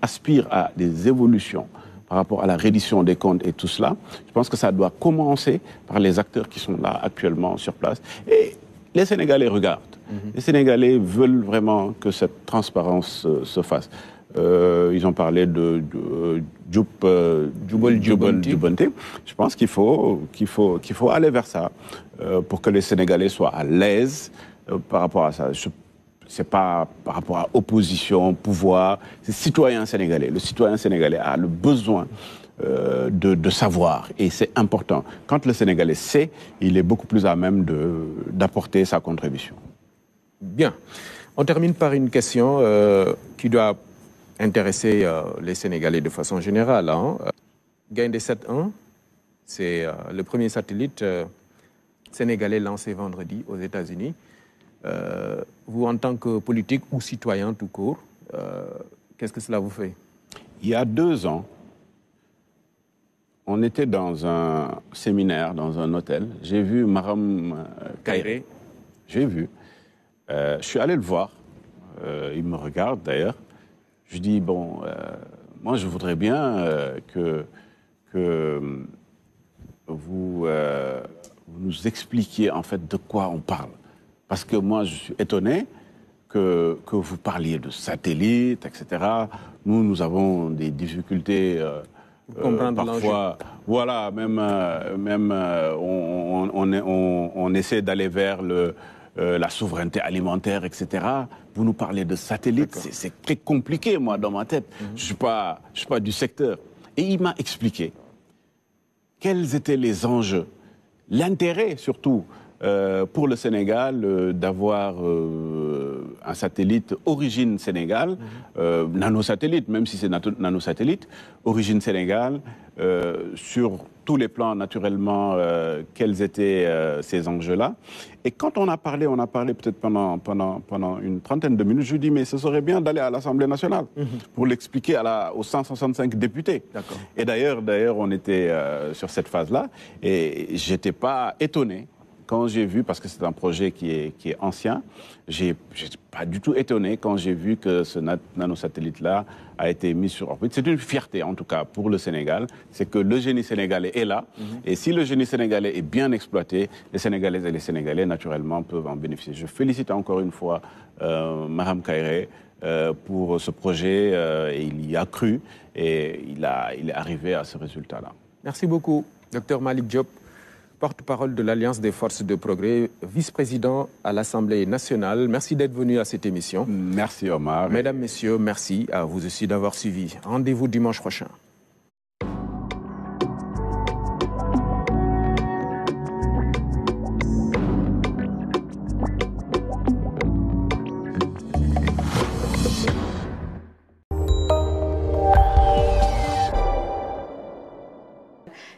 aspirent à des évolutions par rapport à la reddition des comptes et tout cela, je pense que ça doit commencer par les acteurs qui sont là actuellement sur place. Et les Sénégalais regardent. Mhm. Les Sénégalais veulent vraiment que cette transparence euh, se fasse. ils ont parlé de, de, Djoubol euh, Djoubonté. Je pense qu'il faut, qu'il faut, qu'il faut aller vers ça euh, pour que les Sénégalais soient à l'aise euh, par rapport à ça. Ce c'est pas par rapport à opposition, pouvoir, c'est citoyen sénégalais. Le citoyen sénégalais a le besoin de, de, savoir et c'est important. Quand le Sénégalais sait, il est beaucoup plus à même d'apporter sa contribution. Bien. On termine par une question qui doit intéresser euh, les Sénégalais de façon générale. Hein. 7 1 c'est euh, le premier satellite euh, sénégalais lancé vendredi aux États-Unis. vous, en tant que politique ou citoyen tout court, qu'est-ce que cela vous fait Il y a deux ans, on était dans un séminaire, dans un hôtel. J'ai vu Maram Kairé. J'ai vu. je suis allé le voir. il me regarde d'ailleurs. Je dis, bon, euh, moi, je voudrais bien euh, que, que euh, vous, nous expliquiez, en fait, de quoi on parle. Parce que moi, je suis étonné que, vous parliez de satellites, etc. Nous, nous avons des difficultés... parfois, voilà, même, même on essaie d'aller vers le, euh, la souveraineté alimentaire, etc. Vous nous parlez de satellites, c'est très compliqué, moi, dans ma tête. Mhm. Je ne suis pas du secteur. Et il m'a expliqué quels étaient les enjeux, l'intérêt surtout euh, pour le Sénégal euh, d'avoir euh, un satellite origine Sénégal, mhm. nanosatellite, même si c'est nanosatellite, origine Sénégal, sur tous les plans naturellement, quels étaient ces enjeux-là. Et quand on a parlé, on a parlé peut-être pendant, pendant, pendant une trentaine de minutes, je dit mais ce serait bien d'aller à l'Assemblée nationale mhm. pour l'expliquer aux 165 députés. Et d'ailleurs, d'ailleurs, on était sur cette phase-là et j'étais pas étonné quand j'ai vu, parce que c'est un projet qui est, qui est ancien, j'ai pas du tout étonné quand j'ai vu que ce nanosatellite-là a été mis sur orbite. C'est une fierté, en tout cas, pour le Sénégal. C'est que le génie sénégalais est là. Mhm. Et si le génie sénégalais est bien exploité, les Sénégalaises et les Sénégalais, naturellement, peuvent en bénéficier. Je félicite encore une fois euh, Maham Kairé euh, pour ce projet. Euh, et il y a cru et il, a, il est arrivé à ce résultat-là. Merci beaucoup, docteur Malik Diop porte-parole de l'Alliance des forces de progrès, vice-président à l'Assemblée nationale. Merci d'être venu à cette émission. Merci Omar. Mesdames, Messieurs, merci à vous aussi d'avoir suivi. Rendez-vous dimanche prochain.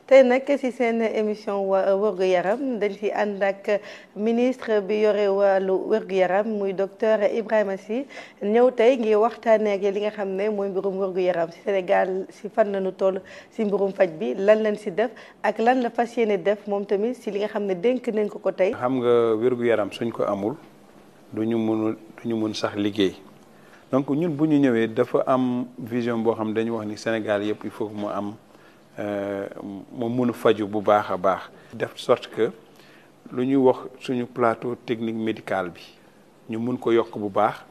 tey nag ci seen émission wërgu yaram dañ ci ànd ak ministre bi yore wàllu wërgu yaram muy docteur Ibrahima Sy ñëw tey ngi waxtaanee ak li nga xam ne mooy mbirum wërgu yaram ci Sénégal ci fan la ñu toll ci mbirum faj bi lan lañ ci def ak lan la fas yéene def moom tamit ci li nga xam ne dénk nañ ko ko tey. xam nga wërgu yaram suñ ko amul duñu mënul mun du ñu mun sax liggéey. donc ñun bu ñu ñëwee dafa am vision boo xam dañu wax ni Sénégal yëpp il faut mu am. Euh, mu munu a faju bu baax a baax. def sorte que lu ñuy wax suñu plateau technique médical bi ñu mun ko yokk bu baax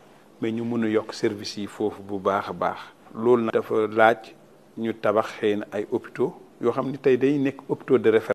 mais ñu mun a yokk service yi foofu bu baax a baax. loolu nag dafa laaj ñu tabax xëy na ay hôpitaux yoo xam ne tey day nekk hôpitaux de référence.